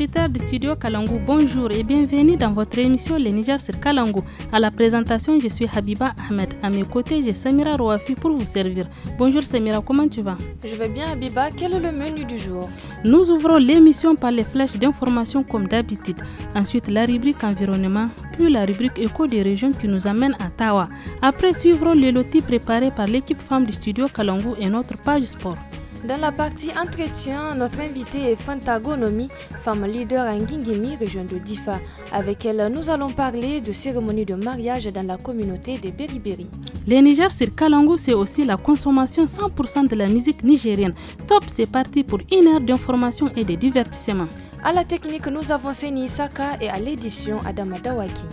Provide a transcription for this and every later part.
auditeurs du studio Kalangu, bonjour et bienvenue dans votre émission Les Niger sur Kalangu. À la présentation, je suis Habiba Ahmed. À mes côtés, j'ai Samira Roafi pour vous servir. Bonjour Samira, comment tu vas Je vais bien Habiba. Quel est le menu du jour Nous ouvrons l'émission par les flèches d'information comme d'habitude. Ensuite, la rubrique environnement, puis la rubrique éco des régions qui nous amène à Tawa. Après, suivront les lotis préparés par l'équipe femme du studio Kalangu et notre page sport. Dans la partie entretien, notre invitée est Gonomi, femme leader à Ngingimi, région de Difa. Avec elle, nous allons parler de cérémonies de mariage dans la communauté des Beriberi. Les Niger sur Kalango, c'est aussi la consommation 100% de la musique nigérienne. Top, c'est parti pour une heure d'information et de divertissement. À la technique, nous avons Seni Saka et à l'édition Adama Dawaki.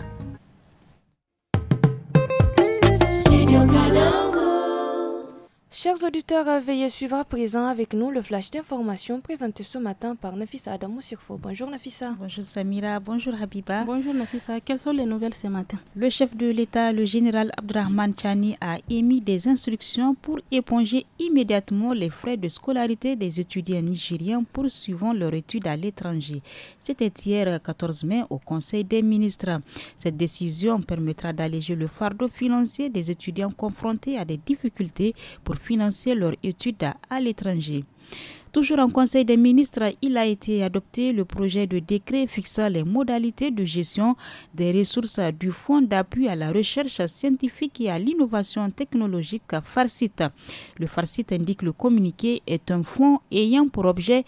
Chers auditeurs, euh, veuillez suivre à présent avec nous le flash d'information présenté ce matin par Nafissa Adamou Sirfo. Bonjour Nafissa. Bonjour Samira, bonjour Habiba. Bonjour Nafissa, quelles sont les nouvelles ce matin Le chef de l'État, le général Abdurrahman Chani, a émis des instructions pour éponger immédiatement les frais de scolarité des étudiants nigériens poursuivant leur étude à l'étranger. C'était hier 14 euh, mai au Conseil des ministres. Cette décision permettra d'alléger le fardeau financier des étudiants confrontés à des difficultés pour financer leurs études à l'étranger. Toujours en Conseil des ministres, il a été adopté le projet de décret fixant les modalités de gestion des ressources du Fonds d'appui à la recherche scientifique et à l'innovation technologique FARCIT. Le FARCIT indique le communiqué est un fonds ayant pour objet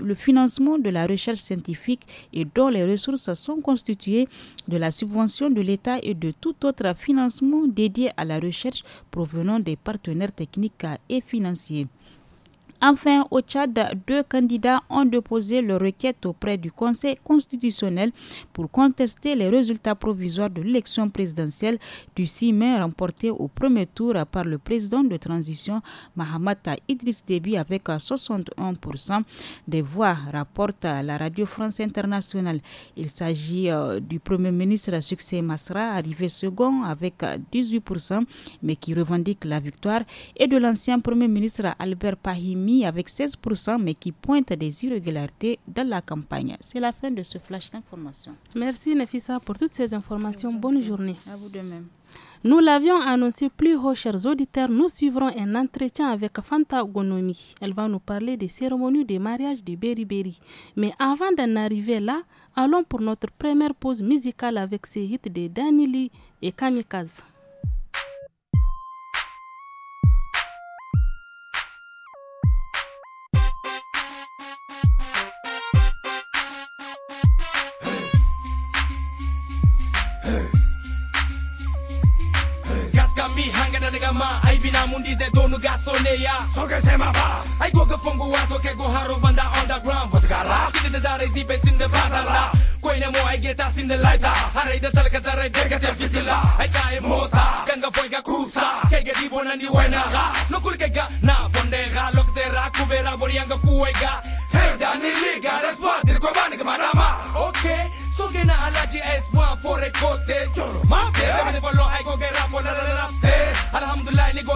le financement de la recherche scientifique et dont les ressources sont constituées de la subvention de l'État et de tout autre financement dédié à la recherche provenant des partenaires techniques et financiers. Enfin, au Tchad, deux candidats ont déposé leur requête auprès du Conseil constitutionnel pour contester les résultats provisoires de l'élection présidentielle du 6 mai remportée au premier tour par le président de transition Mahamata Idriss Déby avec 61% des voix, rapporte la radio France Internationale. Il s'agit euh, du premier ministre succès Masra, arrivé second avec 18%, mais qui revendique la victoire, et de l'ancien premier ministre Albert Pahimi avec 16%, mais qui pointe des irrégularités dans la campagne. C'est la fin de ce flash d'information. Merci Nefissa pour toutes ces informations. Bonne journée. À vous de même. Nous l'avions annoncé plus haut, chers auditeurs, nous suivrons un entretien avec Fanta Gonomi. Elle va nous parler des cérémonies des mariages de Beriberi. Mais avant d'en arriver là, allons pour notre première pause musicale avec ses hits de Danili et Kamikaze. はアイビナムンディゼドヌガソネヤそげせまばアイゴガフォンゴワトケゴハロバンダオンダグランバズガラキデデダレディベスインデバダラ ኮይነ ሞ አይጌታ ሲንላይታ አረይደ ተልከተረ ደገተ ፊትላ አይታየ ሞታ ገንገ ፎይጋ ኩሳ ከገዲ ቦነኒ ወይናጋ ንኩል ከጋ ና ፎንዴጋ ሎክቴራ ኩቤራ ቦሪያንገ ኩወይጋ ሄዳኒ ሊጋ ረስቧ ድርኮባን ግማዳማ ኦኬ ሶጌና አላጂ ኤስሟ ፎሬ ኮቴ ጆሮ ማፌ ለምን በሎ አይጋ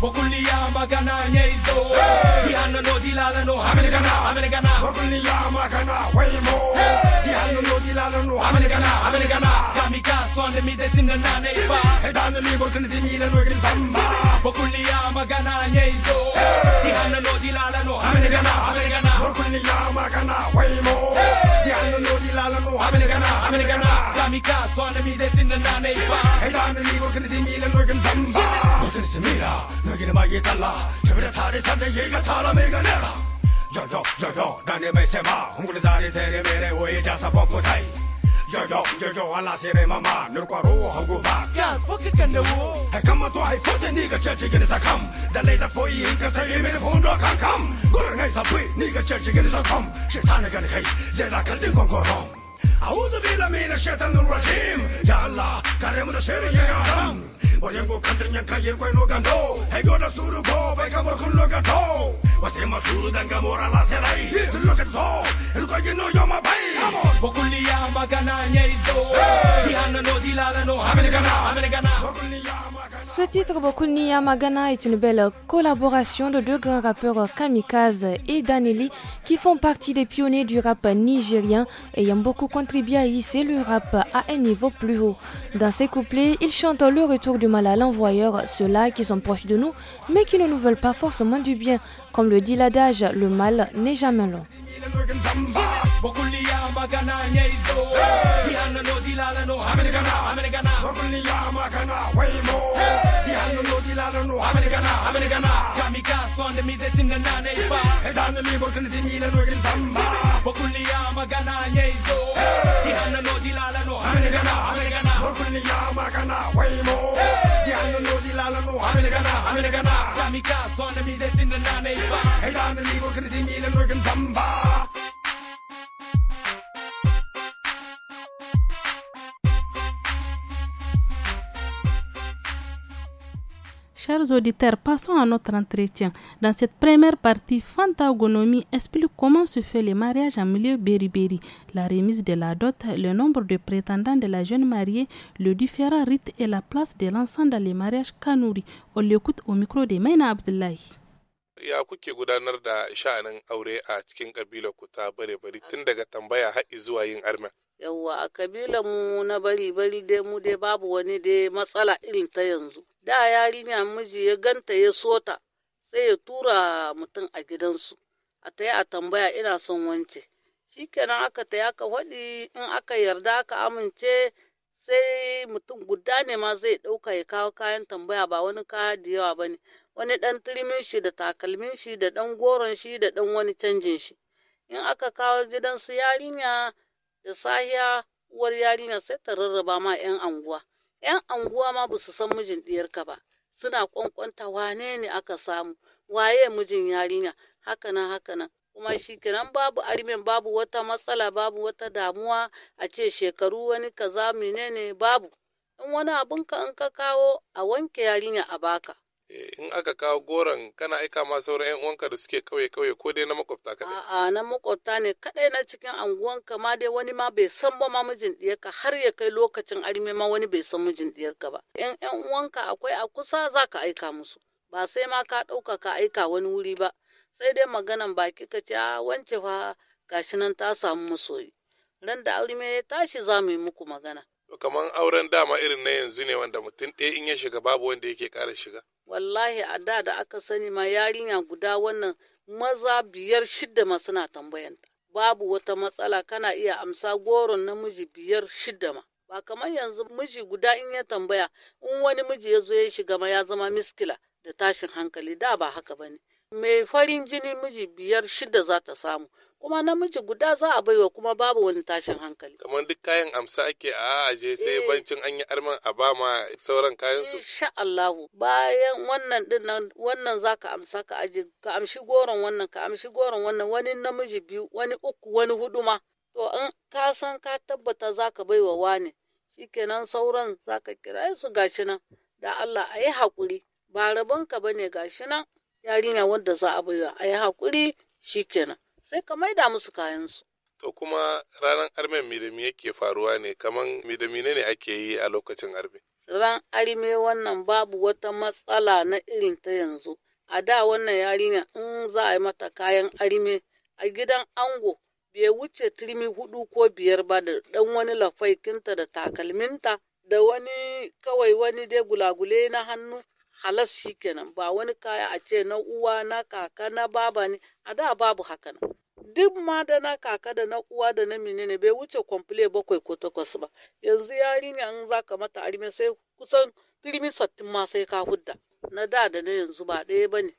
Bokulia magana yezo Dihano no dilala no amene gana. Bokulia magana waymo Dihano no dilala no amene gana. Kamika swande mi desinna nane ba Edana mi borkani dinila no gin samba Bokulia magana yezo Dihano no dilala no amene gana. Bokulia magana waymo Dihano no dilala no amene gana. Kamika swande mi desinna nane ba Edana mi borkani dinila no gin samba 내라너희는많이달라제발에다리산대얘가타라매가내라요요요요나네매세마홍구리다리대리메레오이자사뻥꾸타이요요요요알라시레마마누르과로하고봐 Guys, fuck it can do 해까마또하이포제니가결제기는사캄다레이더포이인가사이미는혼로캄캄고랑해사뿌이니가결제기는사캄실타는가는헤이제라갈등공고롱 أعوذ بالله من الشيطان الرجيم يا الله كريم الشر يا رب oyengo kandrinyaka yenkwe nogando egona suru go mo baikamo kunnogato ma suru mora la serai, dangamora laserai lokato elkoyino yoma bai bokuliya magana nyeizo dihanano dilala no amene gana amene gana bokuliya magana Ce titre, Bokulnia Magana, est une belle collaboration de deux grands rappeurs Kamikaze et Danelli qui font partie des pionniers du rap nigérien ayant beaucoup contribué à hisser le rap à un niveau plus haut. Dans ces couplets, ils chantent le retour du mal à l'envoyeur, ceux-là qui sont proches de nous mais qui ne nous veulent pas forcément du bien. Comme le dit l'adage, le mal n'est jamais long. Danno noti la danno Americana, Americana Kamikaze on the mize sinna nane ba E danno mi borkani sinni la nogin tamba Bokulni ya magana yezo Di hanno noti la danno Americana, Americana Bokulni ya magana waimo Di hanno noti la danno Americana, Americana Kamikaze on the mize sinna nane ba E danno mi borkani sinni la nogin tamba Chers auditeurs, passons à notre entretien. Dans cette première partie, Fantagonomie explique comment se fait le mariage en milieu beriberi, la remise de la dot, le nombre de prétendants de la jeune mariée, le différent rite et la place de l'ensemble dans les mariages kanouri. On l'écoute au micro de Maina Abdullahi. ya kuke gudanar da aure a cikin kabilar tun daga tambaya har zuwa yin yawwa a kabilan mu na bari bari dai mu dai babu wani dai matsala irin ta yanzu da yarinya miji ya ganta ya sota sai ya tura mutum a gidansu a taya a tambaya ina son wance shikenan aka taya aka faɗi in aka yarda aka amince sai mutum guda ne ma zai ɗauka ya kawo kayan tambaya ba wani kaya da yawa ba ne wani ɗan turmin shi da takalmin shi da ɗan goron shi da ɗan wani canjin shi in aka kawo gidansu yarinya da sahiya uwar yarinyar sai ta rarraba ma 'yan anguwa. 'Yan anguwa ma ba su san mijin ɗiyarka ba, suna kwankwanta wane ne aka samu, waye mijin yarinya, haka nan haka nan. Kuma shi kenan babu armen babu wata matsala babu wata damuwa a ce shekaru wani kaza menene babu. In wani abun in ka kawo a wanke yarinya a baka. Eh, in aka kawo goron kana aika ma sauran yan uwanka da suke kauye kauye ko dai na makwabta kaɗai. A'a na makwabta ne kaɗai na cikin anguwanka ma dai wani ma bai san ba ma mijin ɗiyarka har ya kai lokacin arme ma wani bai san mijin ɗiyarka ba. Yan yan uwanka akwai a kusa za ka aika musu ba sai ma ka ɗauka ka aika wani wuri ba sai dai maganan baki ka ce a wance fa gashi nan ta samu masoyi. Ran da aure ya tashi za mu yi muku magana. kamar auren dama irin na yanzu ne wanda mutum ɗaya in ya shiga babu wanda yake ƙara shiga wallahi a da da aka sani ma yarinya guda wannan maza biyar shidda ma suna tambayanta babu wata matsala kana iya amsa goron namiji biyar shidda ma ba kamar yanzu miji guda in ya tambaya in wani miji ya zo ya shiga ma ya zama miskila da tashin hankali da ba haka bane mai farin jini miji biyar shidda za ta samu kuma namiji guda za a baiwa kuma babu wani tashin hankali. Kamar duk kayan amsa ake a aje sai eh. bancin an yi arman a ba ma sauran kayan su. Insha Allahu bayan wannan din wannan za ka amsa ka aje ka amshi goron wannan ka amshi goron wannan wani namiji biyu wani uku wani hudu ma. To in ka san ka tabbata za ka baiwa wani shikenan sauran za ka kira su gashi nan da Allah a yi haƙuri ba rabonka ba ne gashi nan yarinya wanda za a baiwa a yi haƙuri shikenan. sai ka maida musu kayansu. To kuma ranar armen midami yake faruwa ne kaman midami ne ake yi a lokacin arme. Ran arme wannan babu wata matsala na irin ta yanzu. A da wannan yarinya in za a yi mata kayan arme a gidan ango bai wuce turmi hudu ko biyar ba da dan wani lafaikinta da takalminta da wani kawai wani dai gulagule na hannu halas shi kenan ba wani kaya a ce na uwa na kaka na baba ne a da babu haka nan duk ma da na kaka da na uwa da na menene bai wuce kwamfule bakwai ko takwas ba yanzu yarinya in za ka mata arme sai kusan turmi sattin ma sai ka hudda na da da na yanzu ba ɗaya ba ne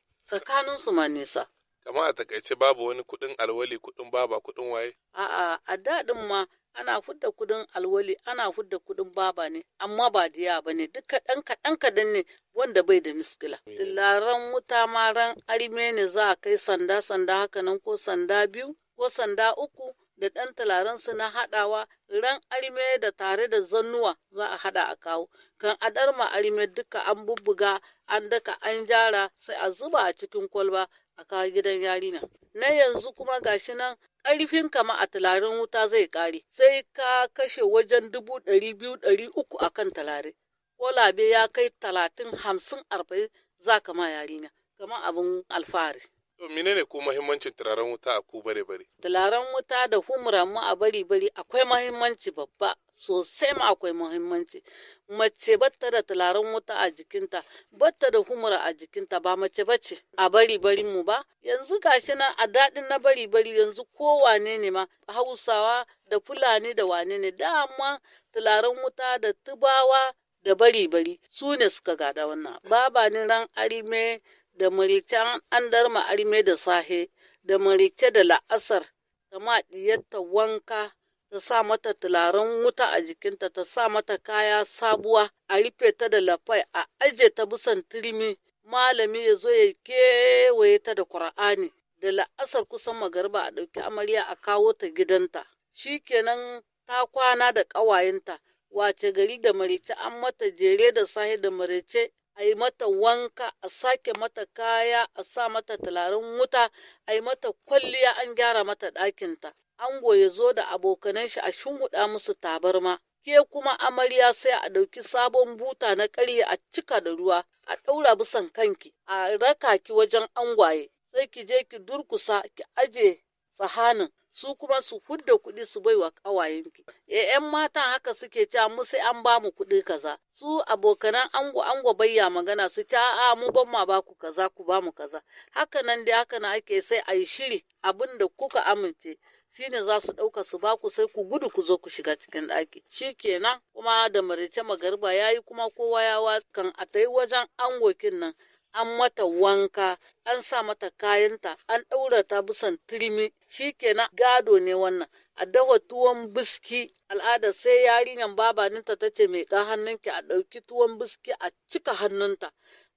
su ma nisa kama a takaice babu wani kuɗin alwali kuɗin baba kuɗin waye a'a a daɗin ma ana fudda kudin alwali ana fudda kudin baba ne amma ba diya ba ne duka kaɗan kaɗan kaɗan ne wanda bai da miskila. Dillaran wuta ma ran arme ne za a kai sanda sanda haka nan ko sanda biyu ko sanda uku da ɗan talaran su na haɗawa ran arme da tare da zannuwa za a haɗa a kawo kan adar ma arme duka an bubbuga an daka an jara sai a zuba a cikin kwalba a kawo gidan yarinya. na yanzu kuma gashi nan ƙarfin kama a talarin wuta zai ƙare sai ka kashe wajen dubu ɗari biyu ɗari uku a kan talare ko labe ya kai talatin hamsin arba'in za ka ma yarinya kama abin alfahari. menene ko mahimmancin turaren wuta a ku bare bare turaren wuta da humra mu a bari bari akwai mahimmanci babba sosai ma akwai mahimmanci mace bata da turaren wuta a jikinta batta da humra a jikinta ba mace bace a bari bari mu ba yanzu gashi na a daɗin na bari bari yanzu ko wane ne ma hausawa da fulani da wane ne dama turaren wuta da tubawa da bari bari su ne suka gada wannan baba ni ran arime da maritan an darma arme da sahe, da marice da la'asar, ta maɗiyarta wanka, ta sa mata tularan wuta a jikinta, ta sa mata kaya sabuwa, a rufe ta da lafai, a aje ta bisan turmi, malami ya zo ya kewaye ta da Kur'ani. Da la'asar kusan magarba a ɗauki amarya a kawo ta gidanta. Shi kenan ta kwana da ƙawayenta, wace gari da marice an mata jere da sahi da marice a yi mata wanka a sake mata kaya a sa mata tularin wuta a yi mata kwalliya an gyara mata ɗakinta Ango ya zo da abokanan shi a shunguɗa musu tabarma ke kuma amarya sai a ɗauki sabon buta na ƙarya a cika da ruwa a ɗaura bisan kanki a raka ki wajen angwaye sai ki je ki durkusa ki aje sahanin su kuma su hudda kuɗi su baiwa ƙawayenki. ‘Yan eh, mata haka suke cewa mu sai an ba mu kuɗi kaza. Su abokanan ango ango bayya magana su ta a mu ban ma ba ku kaza ku ba mu kaza. Haka nan dai haka nan ake sai a yi shiri abin da kuka amince. shine za su ɗauka su ba ku sai ku gudu ku zo ku shiga cikin ɗaki shi kenan kuma da marice magariba ya yi kuma kowa ya kan a ta wajen angokin nan an mata wanka an sa mata kayanta an ɗaura ta bisan turmi shikenan gado ne wannan a dawa tuwon biski al'ada sai yarinyar babaninta ta ce mai ɗan hannunki a ɗauki tuwon biski a cika hannunta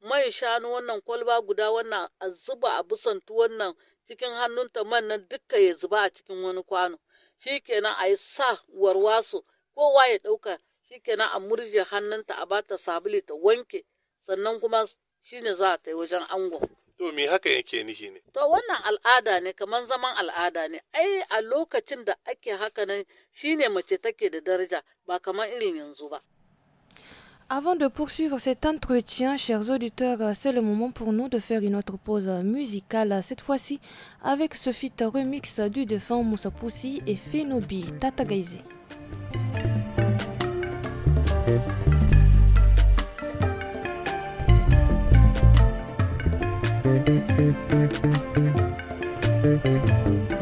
mai shanu wannan kwalba guda wannan a zuba a bisan tuwon nan cikin hannunta man nan dukka ya zuba a cikin wani kwano shikenan a yi sa warwaso kowa ya ɗauka shikenan a murje hannunta a bata sabili ta wanke sannan kuma shine za a ta yi wajen angon. Avant de poursuivre cet entretien, chers auditeurs, c'est le moment pour nous de faire une autre pause musicale, cette fois-ci avec ce fit remix du défunt Moussa Poussi et Fenobi Tatagaise. Thank you.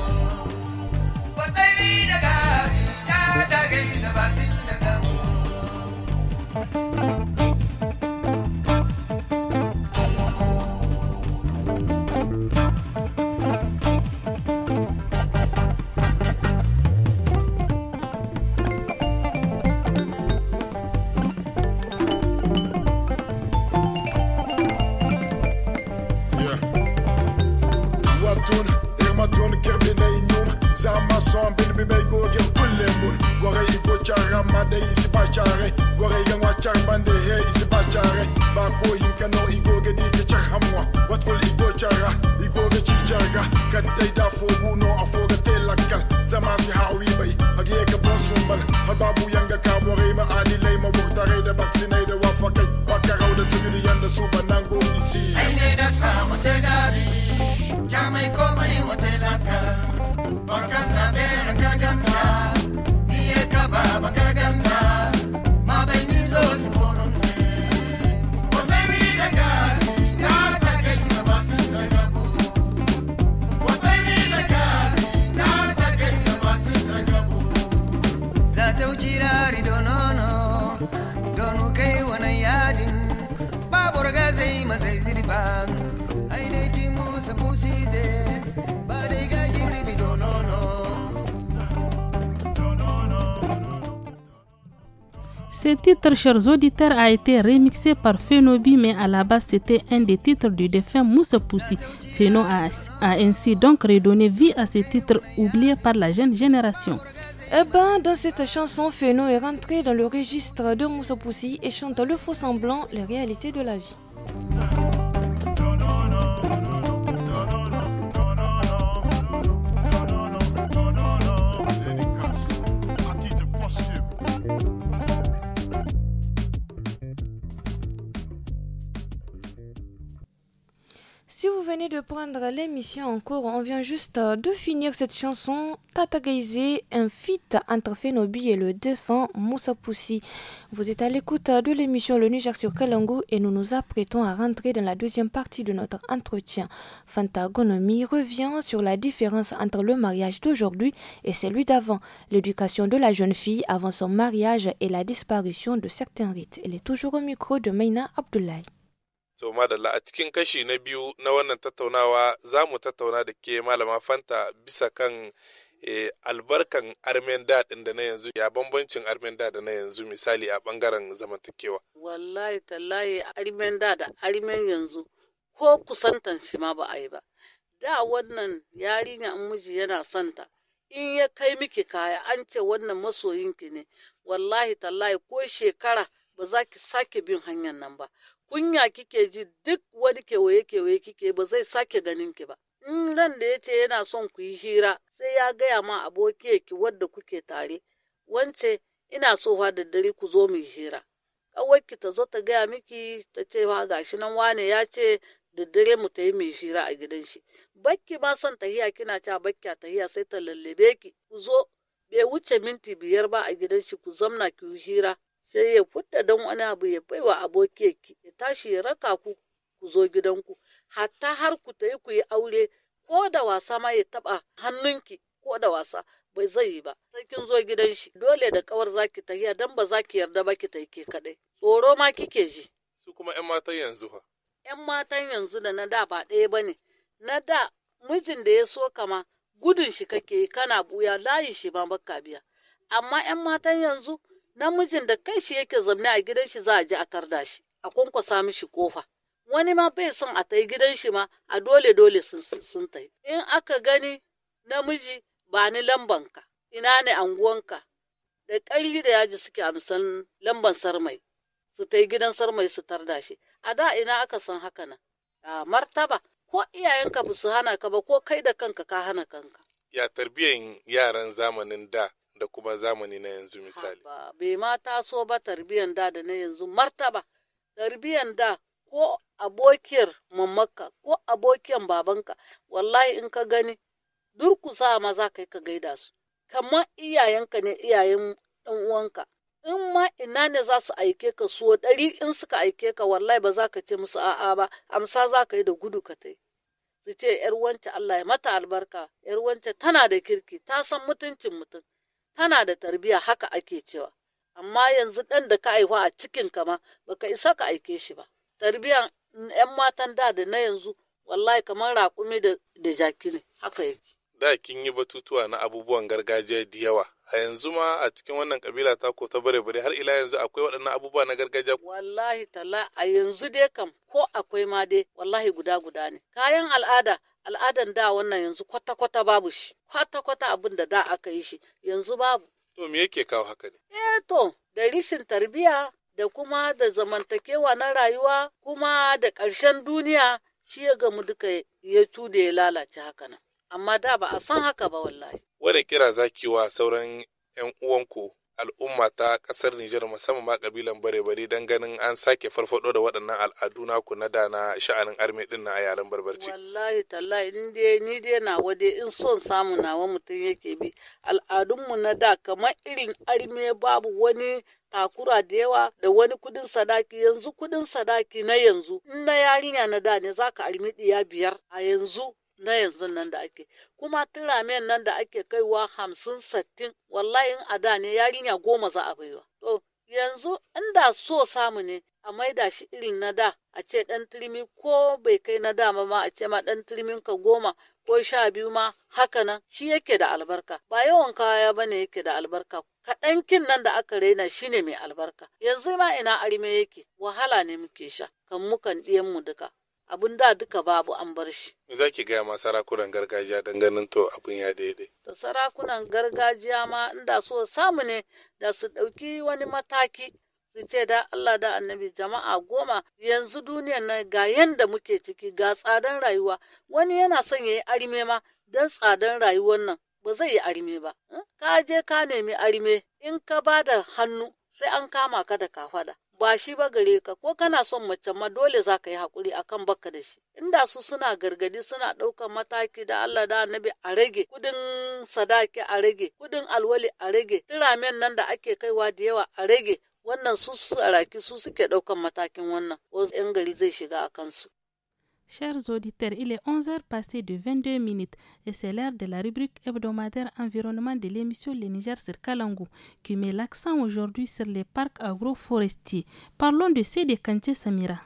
Zama son bin bi mai gogen kullum mun gore yi ko charra ma da isi ba chare gore yi wa char bande he isi ba chare ba ko him ka no igo ge di ke char hamwa wat kul igo charra igo ge chi charga kat dai da fo bu no a fo ga te lakkal zama si hawi bai hage ka bon sumbal har babu yanga ka bore ma ani lay ma burtare da vaccine da wafakai bakara da su yanda su banango isi ai ne da samu da dari jamai komai hotelanka barkan na be kaganda ni e kaba bakaganda Ce titre, chers auditeurs, a été remixé par Fenobi, mais à la base, c'était un des titres du défunt Moussa Poussi. Feno a, ainsi donc redonné vie à ce titre oublié par la jeune génération. Eh ben, dans cette chanson, Feno est rentré dans le registre de Moussa Poussi et chante le faux semblant, les réalités de la vie. Si vous venez de prendre l'émission en cours, on vient juste euh, de finir cette chanson Tata Gaizé, un feat entre Fenobi et le défunt Moussa Poussi. Vous êtes à l'écoute euh, de l'émission Le Niger sur Kalango et nous nous apprêtons à rentrer dans la deuxième partie de notre entretien. Fantagonomie revient sur la différence entre le mariage d'aujourd'hui et celui d'avant, l'éducation de la jeune fille avant son mariage et la disparition de certains rites. Elle est toujours au micro de Meina Abdoulaye. To madalla a cikin kashi na biyu na wannan tattaunawa za mu tattauna da ke malama Fanta bisa kan eh, albarkan armen ɗin da na yanzu ya bambancin armen da na yanzu misali a ɓangaren zamantakewa. Wallahi tallahi armen da da armen yanzu ko kusantan shi ma ba a yi ba. Da wannan yarinya in miji yana santa in ya kai miki kaya an ce wannan masoyinki ne wallahi tallahi ko shekara ba za ki sake bin hanyar nan ba kunya kike ji duk wani kewaye-kewaye kike ba zai sake ganin ki ba. In ran da ya ce yana son ku yi hira sai ya gaya ma abokiyarki wadda kuke tare, wance ina so da dare ku zo mu yi hira. kawarki ta zo ta gaya miki ta ce wa gashi nan wane ya ce da dare mu ta yi mai hira a gidan shi. Bakki ma son tahiya kina ta bakki tahiya sai ta lallabe ki ku zo bai wuce minti biyar ba a gidan shi ku zamna ki yi hira sai ya fudda don wani abu ya bai wa abokiyarki ya tashi ya raka ku ku zo gidanku hatta har ku yi ku yi aure ko da wasa ma ya taba hannunki ko da wasa bai zai yi ba sai kin zo gidan shi dole da kawar zaki tahiya dan ba zaki yarda ba ki tayi ke kadai tsoro ma kike ji su kuma yan matan yanzu fa yan matan yanzu da na da ba ɗaya ba ne. na da mijin da ya so kama gudun shi kake yi kana buya layi shi ba baka biya amma yan matan yanzu namijin da kai shi yake zamne a gidan shi za a ji a tarda shi a kwankwasa mishi kofa wani ma bai son a tai gidan shi ma a dole dole sun tai in aka gani namiji ba ni lambanka ina ne anguwanka da ƙarfi da yaji suke amsan lamban sarmai su tai gidan sarmai su tarda shi a da ina aka san haka nan a martaba ko iyayenka ba su hana ka ba ko kai da kanka ka hana kanka ya tarbiyyar yaran zamanin da da kuma zamani na yanzu misali. Bai ma taso ba tarbiyan da da na yanzu martaba tarbiyyar da ko abokiyar mamaka ko abokiyar babanka wallahi in ka gani durkusa ma za ka yi ka gaida su kamar iyayenka ne iyayen ɗan uwanka in ma ina ne za su aike ka so ɗari in suka aike ka wallahi ba za ka ce musu a'a ba amsa za ka yi da gudu ka tai su ce yar wance Allah ya mata albarka yar wance tana da kirki ta san mutuncin mutum tana da tarbiya haka ake cewa amma yanzu ɗan da ka haifa a cikin kama baka isa ka aike shi ba tarbiyan 'yan matan da da na yanzu wallahi kamar raƙumi da jaki ne haka yake da kin yi batutuwa na abubuwan gargajiya da yawa a yanzu ma a cikin wannan kabila ta ko ta bare bare har ila yanzu akwai waɗannan abubuwa na gargajiya wallahi tala a yanzu dai kam ko akwai ma dai wallahi guda guda ne kayan al'ada al'adan da wannan yanzu kwata-kwata babu shi kwata-kwata abin da da aka yi shi yanzu babu to me yake kawo haka ne eh to da rishin tarbiya da kuma da zamantakewa na rayuwa kuma da ƙarshen duniya shi ya gamu duka ya tude ya lalace haka nan amma da ba a san haka ba wallahi wani kira zaki wa sauran 'yan uwanku al'umma ta kasar Nijar musamman ma kabilan bare-bare don ganin an sake farfado da waɗannan al'adu ku na da na sha'anin arme din na a yaren barbarci. Wallahi tallahi ni dai ni dai na wade in son samu nawa mutum yake bi al'adunmu na da kamar irin arme babu wani takura da yawa da wani kudin sadaki yanzu kudin sadaki na yanzu in na yarinya na da ne zaka armi ya biyar a yanzu na yanzu nan da ake kuma turamen nan da ake kaiwa hamsin sattin wallahi a da ne yarinya goma za a baiwa to yanzu inda so samu ne a maida shi irin na da a ce ɗan turmi ko bai kai na da ma a ce ma ɗan turmin ka goma ko sha biyu ma haka nan shi yake da albarka ba yawan kaya ba ne yake da albarka kaɗan kin nan da aka raina shi ne mai albarka yanzu ma ina arme yake wahala ne muke sha kan mukan ɗiyan mu duka abun da duka babu an bar shi. me Za ki gaya ma sarakunan gargajiya don ganin to abin ya daidai. Da sarakunan gargajiya ma inda so samu ne da su ɗauki wani mataki su ce da Allah da annabi jama'a goma yanzu duniyan nan ga yanda muke ciki ga tsadan rayuwa wani yana son ya yi arime ma don tsadan rayuwar nan ba zai yi arime ba. Ka je ka nemi arime in ka ba da hannu sai an kama ka da kafada. ba shi ba gare ka ko kana son mace ma dole za ka yi haƙuri akan baka da shi inda su suna gargadi suna ɗaukar mataki da Allah da annabi a rage kudin sadaki a rage kudin alwali a rage tiramen nan da ake kaiwa da yawa a rage wannan su su araki su suke ɗaukan matakin wannan wasu 'yan gari zai shiga a kansu. Chers auditeurs, il est 11h passé de 22 minutes et c'est l'heure de la rubrique hebdomadaire environnement de l'émission Le Niger sur qui met l'accent aujourd'hui sur les parcs agroforestiers. Parlons de ces Kanté Samira.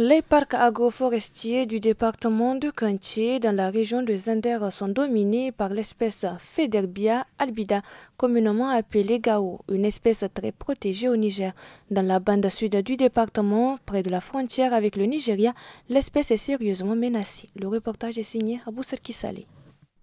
Les parcs agroforestiers du département de Cantier dans la région de Zender sont dominés par l'espèce Federbia albida, communément appelée Gao, une espèce très protégée au Niger. Dans la bande sud du département, près de la frontière avec le Nigeria, l'espèce est sérieusement menacée. Le reportage est signé Abou Kisali.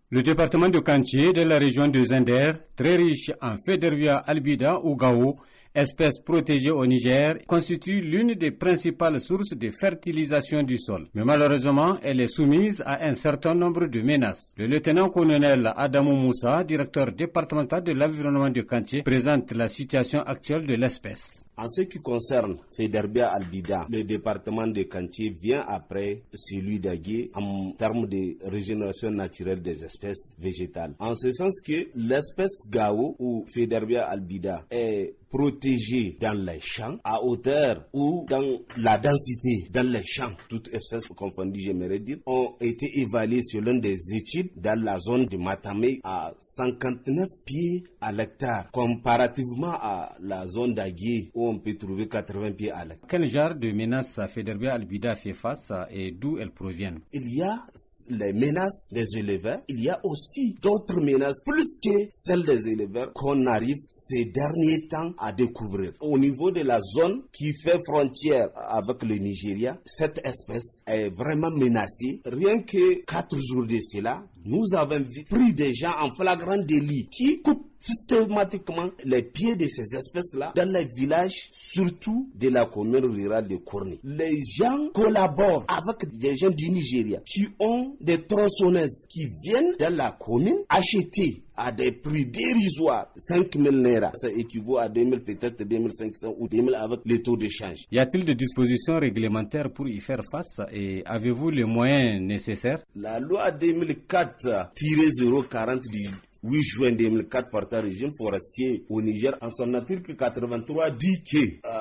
Le département de Cantier de la région de Zender, très riche en Federbia albida ou Gao, espèce protégée au Niger, constitue l'une des principales sources de fertilisation du sol. Mais malheureusement, elle est soumise à un certain nombre de menaces. Le lieutenant-colonel Adamou Moussa, directeur départemental de l'environnement de Cantier, présente la situation actuelle de l'espèce. En ce qui concerne Federbia albida, le département de Cantier vient après celui d'Agui en termes de régénération naturelle des espèces végétales. En ce sens que l'espèce Gao ou Federbia albida est Protégés dans les champs, à hauteur ou dans la densité dans les champs, toutes espèces confondues, j'aimerais dire, ont été évaluées selon des études dans la zone de Matamé à 59 pieds à l'hectare, comparativement à la zone d'Agui où on peut trouver 80 pieds à l'hectare. Quel genre de menaces Federbia Albida fait face et d'où elles proviennent Il y a les menaces des éleveurs, il y a aussi d'autres menaces, plus que celles des éleveurs, qu'on arrive ces derniers temps découvrir. Au niveau de la zone qui fait frontière avec le Nigeria, cette espèce est vraiment menacée. Rien que quatre jours de cela, nous avons pris des gens en flagrant délit qui coupent systématiquement les pieds de ces espèces-là dans les villages, surtout de la commune rurale de Corny. Les gens collaborent avec des gens du Nigeria qui ont des tronçonneuses qui viennent dans la commune acheter à des prix dérisoires. 5 000 naira, ça équivaut à 2000, peut-être 2500 ou 2000 avec les taux de change. Y a-t-il des dispositions réglementaires pour y faire face et avez-vous les moyens nécessaires La loi 2004-040 du 8 juin 2004 par un régime forestier au Niger en son article 83 dit que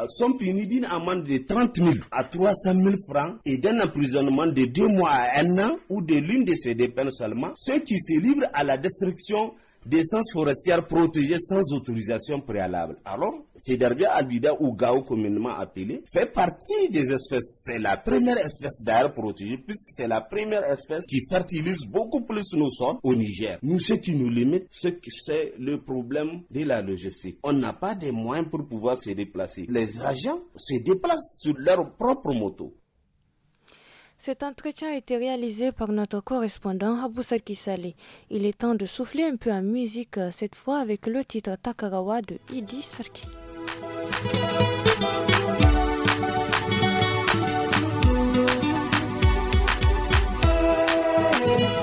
sont euh, son d'une amende de 30 000 à 300 000 francs et d'un emprisonnement de 2 mois à 1 an ou de l'une de ces deux peines seulement, ceux qui se livrent à la destruction d'essences forestières protégées sans autorisation préalable. Alors, derrière albida ou Gao communément appelé, fait partie des espèces. C'est la première espèce d'air protégée puisque c'est la première espèce qui fertilise beaucoup plus nos sols au Niger. Nous, ce qui nous limite, c'est le problème de la logistique. On n'a pas des moyens pour pouvoir se déplacer. Les agents se déplacent sur leur propre moto. Cet entretien a été réalisé par notre correspondant Abou Saleh. Il est temps de souffler un peu en musique, cette fois avec le titre Takarawa de Idi Sarki.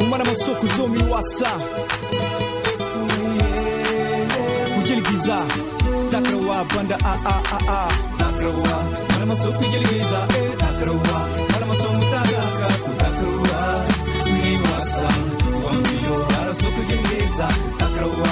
umwana masoko zomi wasa kujelgiza takrawa banda a a a a takrawa mwana masoko kujelgiza e eh, mutagaka takrawa ni wasa wambiyo mwana masoko kujelgiza takrawa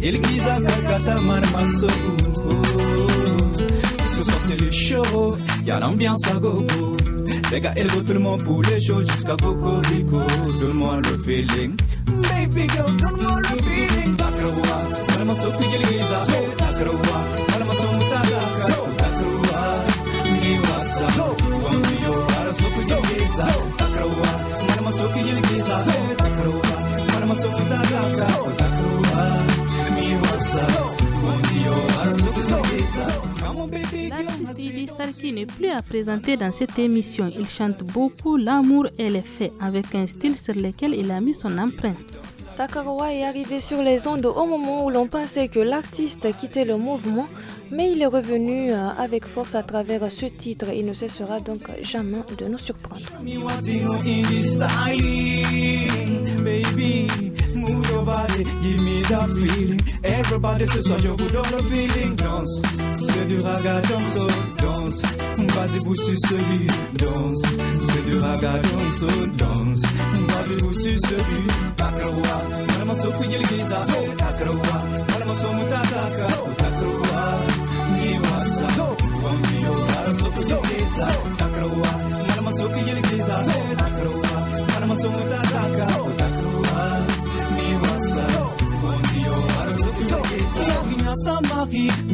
iligiza kakata marmaso Ce soir c'est le show, y'a l'ambiance à gogo Les gars veut tout le monde pour les shows jusqu'à Cocorico Donne-moi le feeling Baby girl, donne-moi le feeling Takrawa, marmaso qui iligiza Takrawa, plus à présenter dans cette émission. Il chante beaucoup l'amour et les faits avec un style sur lequel il a mis son empreinte. Takarawa est arrivé sur les ondes au moment où l'on pensait que l'artiste quittait le mouvement, mais il est revenu euh, avec force à travers ce titre et ne cessera donc jamais de nous surprendre. move your body, give me that feeling. Everybody ce soir je vous donne le feeling. Danse, c'est du raga, danse, oh, danse. Vas-y boussu celui, danse. C'est du raga, danse, oh, danse. Vas-y boussu celui, takrawa. Malama so kujiligiza, est takrawa. Malama so mutataka, so takrawa. Ni wasa, so. Wangi yo, so kujiligiza, so takrawa.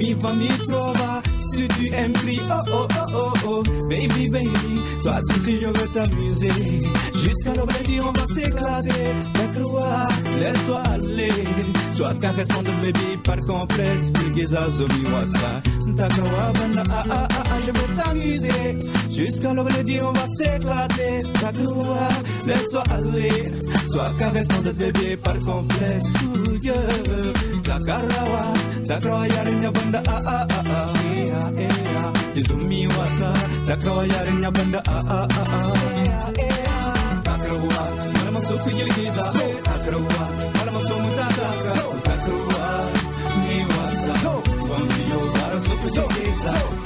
mi fa mi si tu aimes crier oh oh oh oh oh Baby baby, sois si je veux t'amuser Jusqu'à laprès on va s'éclater ta croix, laisse-toi aller Sois caressante baby par complet à zomi ça, ça. croire banda ah ah ah ah je veux t'amuser Jusqu'à laprès on va s'éclater ta croix, laisse-toi aller Sois caressante baby par complet Ooh yeah ta takarawa yarinya banda ah ah ah ah a e a jizumi wasa takawa yarinya banda a ah, a ah, a ah, a takarwa malama so ku girgiza so takarwa malama so mutata so takarwa ni wasa so ban biyo bara so ku girgiza so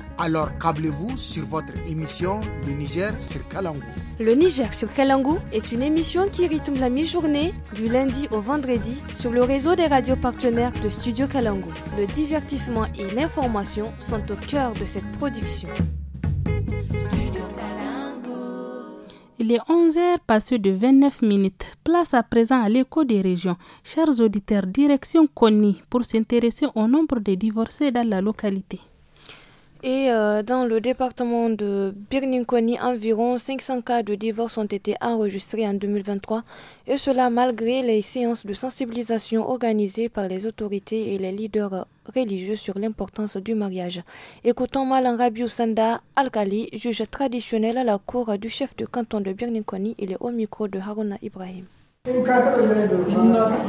alors câblez-vous sur votre émission Le Niger sur Kalangou. Le Niger sur Kalangou est une émission qui rythme la mi-journée du lundi au vendredi sur le réseau des radios partenaires de Studio Kalangou. Le divertissement et l'information sont au cœur de cette production. Il est 11h passé de 29 minutes. Place à présent à l'écho des régions. Chers auditeurs, direction Kony pour s'intéresser au nombre de divorcés dans la localité. Et euh, dans le département de Birninkoni, environ 500 cas de divorce ont été enregistrés en 2023, et cela malgré les séances de sensibilisation organisées par les autorités et les leaders religieux sur l'importance du mariage. Écoutons Malan Rabiou Sanda al juge traditionnel à la cour du chef de canton de Birninkoni, il est au micro de Haruna Ibrahim. in ka taɓa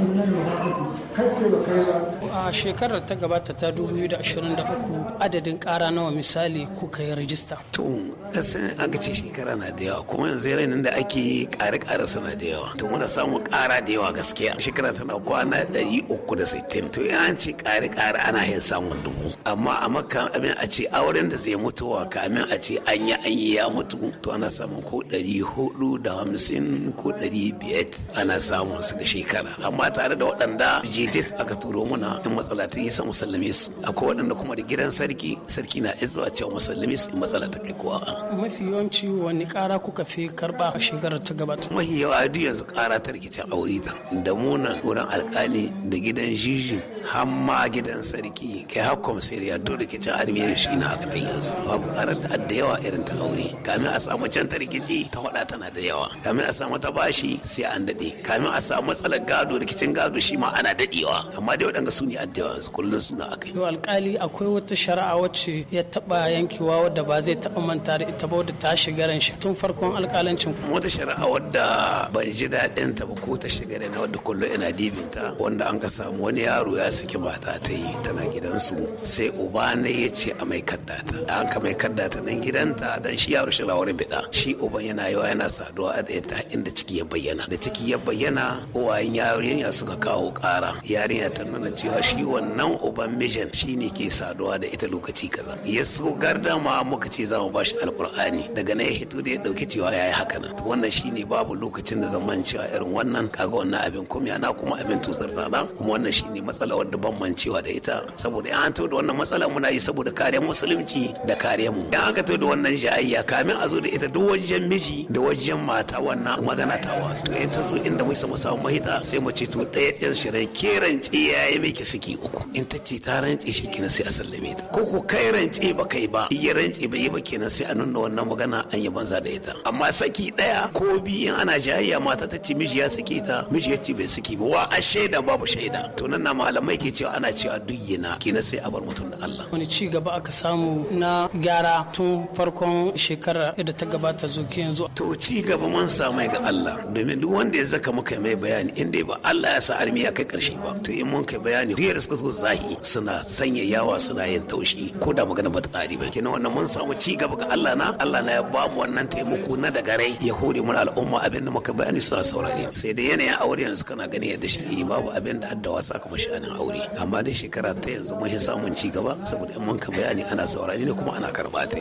da a shekarar ta gabata ta 2023 adadin kara nawa misali kuka yi rajista to an aka ce shekara na da yawa kuma yanzu yanayin da ake yi ƙare ƙare suna da yawa to muna samu ƙara da yawa gaskiya shekara tana kwana ɗari uku da sittin to ya an ce ƙare ƙare ana yin samun dubu amma a maka amin a ce auren da zai mutuwa kamin a ce an yi an yi ya mutu to ana samun ko ɗari hudu da hamsin ko ɗari biyar ana samun su ga shekara amma tare da waɗanda jitis aka turo muna in matsala ta yi sa musallame su akwai waɗanda kuma da gidan sarki sarki na izuwa cewa musulmi su in matsala ta kai kowa mafi yawanci wani ƙara kuka fi karɓa a shekarar ta gabata mafi yawa duk yanzu ƙara ta rikicin aure ta da muna wurin alƙali da gidan jiji hamma gidan sarki kai har komisariya duk rikicin armiyar shi na aka ta yanzu babu ƙarar ta da yawa irin ta aure kamin a samu can ta rikici ta faɗa tana da yawa kamin a samu ta bashi sai an daɗe kamin a samu matsalar gado rikicin gado shi ma ana dadewa amma dai waɗanda su ne addawa kullum suna akai. to alkali akwai wata shari'a wacce ya taɓa yankewa wadda ba zai taɓa manta da ita ba wadda ta shiga ran shi tun farkon alkalancin. wata shari'a wadda ban ji daɗin ta ba ko ta shiga da na wadda kullum ina dibin ta wanda an ka samu wani yaro ya saki mata ta yi tana gidansu sai uba ne ya ce a mai kaddata da an ka mai kaddata nan gidanta dan shi yaro shi lawar bida shi uban yana yawa yana saduwa da ta inda ciki ya bayyana da ciki ya bayyana uwayen yarinya suka kawo kara yarinya ta nuna cewa shi wannan uban mijin shine ke saduwa da ita lokaci kaza ya so garda ma muka ce za mu bashi alkur'ani daga nan ya hito da ya dauki cewa yayi haka nan wannan shine babu lokacin da zan cewa irin wannan kaga wannan abin kuma na kuma abin tusar tsada kuma wannan shine matsala wadda ban mancewa da ita saboda in to da wannan matsala muna yi saboda kariyar musulunci da kariyar mu ya aka da wannan jayayya kamin a zo da ita duk wajen miji da wajen mata wannan magana ta wasu to in ta zo inda mun samu samu mahita sai mu ce to ɗaya ɗin shirin ke rance ya yi miki saki uku in ta ce ta rance shi kenan sai a sallame ta ko ko kai rance ba kai ba iya rance ba yi ba kenan sai a nuna wannan magana an yi banza da ita amma saki ɗaya ko bi in ana jayayya mata ta ce miji ya saki ta miji ya ce bai saki ba wa a shaida babu shaida to nan na malamai ke cewa ana cewa duk yana kenan sai a bar mutum da Allah wani ci gaba aka samu na gyara tun farkon shekara da ta gabata zuwa yanzu to ci gaba mun samu ga Allah domin duk wanda ya ka muka mai bayani in dai ba Allah ya sa armi kai karshe ba to in mun kai bayani riyar suka zo zahi suna sanya yawa suna yin taushi ko da magana ba ta ƙari ba kenan wannan mun samu ci gaba ga Allah na Allah na ya ba mu wannan taimako na daga rai ya hore mu al'umma abin da muka bayani suna saurare sai dai yanayin aure yanzu kana gani yadda shi babu abin da addawa kuma sha'anin aure amma dai shekara ta yanzu mun samun ci gaba saboda in mun ka bayani ana saurare ne kuma ana karɓa ta.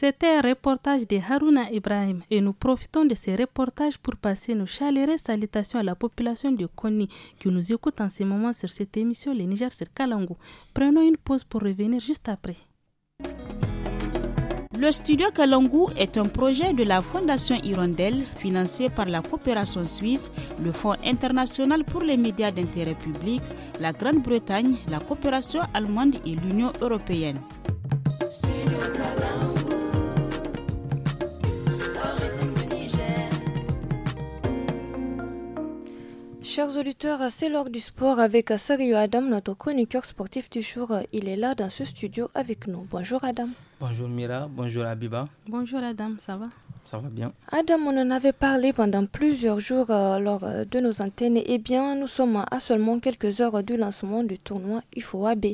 C'était un reportage de Haruna Ibrahim et nous profitons de ce reportage pour passer nos chaleureuses salutations à la population de Koni qui nous écoute en ce moment sur cette émission Les Niger sur Kalangu. Prenons une pause pour revenir juste après. Le studio Kalangu est un projet de la Fondation Hirondelle financé par la coopération suisse, le Fonds international pour les médias d'intérêt public, la Grande-Bretagne, la coopération allemande et l'Union européenne. Chers auditeurs, c'est l'heure du sport avec Sérieux Adam, notre chroniqueur sportif du jour. Il est là dans ce studio avec nous. Bonjour Adam. Bonjour Mira, bonjour Abiba. Bonjour Adam, ça va ça va bien. Adam, on en avait parlé pendant plusieurs jours euh, lors euh, de nos antennes. Eh bien, nous sommes à seulement quelques heures du lancement du tournoi IFO-AB.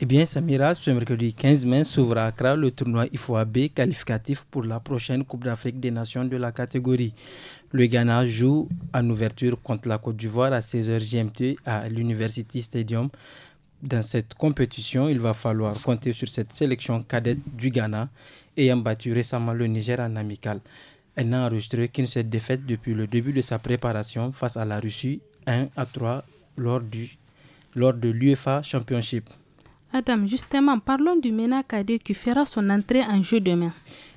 Eh bien, Samira, ce mercredi 15 mai s'ouvre à Accra le tournoi IFO-AB qualificatif pour la prochaine Coupe d'Afrique des Nations de la catégorie. Le Ghana joue en ouverture contre la Côte d'Ivoire à 16h GMT à l'University Stadium. Dans cette compétition, il va falloir compter sur cette sélection cadette du Ghana ayant battu récemment le Niger en amical. Elle n'a enregistré qu'une seule défaite depuis le début de sa préparation face à la Russie 1 à 3 lors, du, lors de l'UEFA Championship. Adam, justement, parlons du MENA Kadé qui fera son entrée en jeu demain.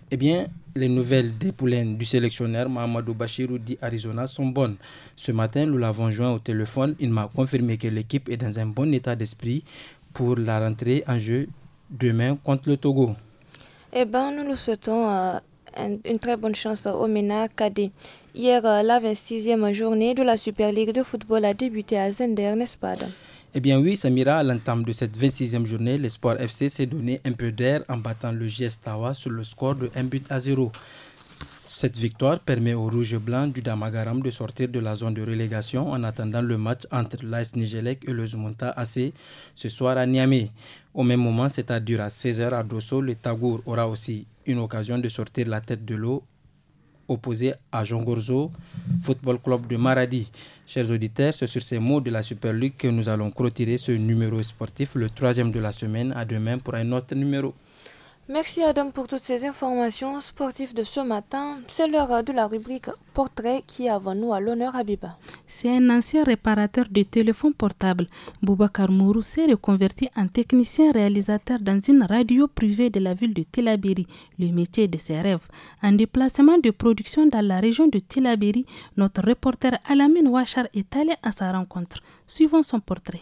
Eh bien, les nouvelles des poulaines du sélectionneur Mahamadou Bachirou Arizona sont bonnes. Ce matin, nous l'avons joint au téléphone. Il m'a confirmé que l'équipe est dans un bon état d'esprit pour la rentrée en jeu demain contre le Togo. Eh bien, nous nous souhaitons euh, une très bonne chance au MENA Cadet. Hier, euh, la 26e journée de la Super Ligue de football a débuté à Zender, n'est-ce pas eh bien oui, Samira, à l'entame de cette 26e journée, l'Espoir FC s'est donné un peu d'air en battant le GS sur le score de 1 but à 0. Cette victoire permet aux rouge Blancs du Damagaram de sortir de la zone de relégation en attendant le match entre l'AS Nigelec et le Zumonta AC ce soir à Niamey. Au même moment, c'est-à-dire à 16h à Dosso, le Tagour aura aussi une occasion de sortir la tête de l'eau opposée à Jongorzo, Football Club de Maradi. Chers auditeurs, c'est sur ces mots de la Super League que nous allons clôturer ce numéro sportif, le troisième de la semaine. À demain pour un autre numéro. Merci Adam pour toutes ces informations sportives de ce matin. C'est l'heure de la rubrique Portrait qui est avant nous à l'honneur Biba. C'est un ancien réparateur de téléphones portables. Boubacar Mourou s'est reconverti en technicien réalisateur dans une radio privée de la ville de Telabéry, le métier de ses rêves. En déplacement de production dans la région de Telabéry, notre reporter Alamine Ouachar est allé à sa rencontre. Suivons son portrait.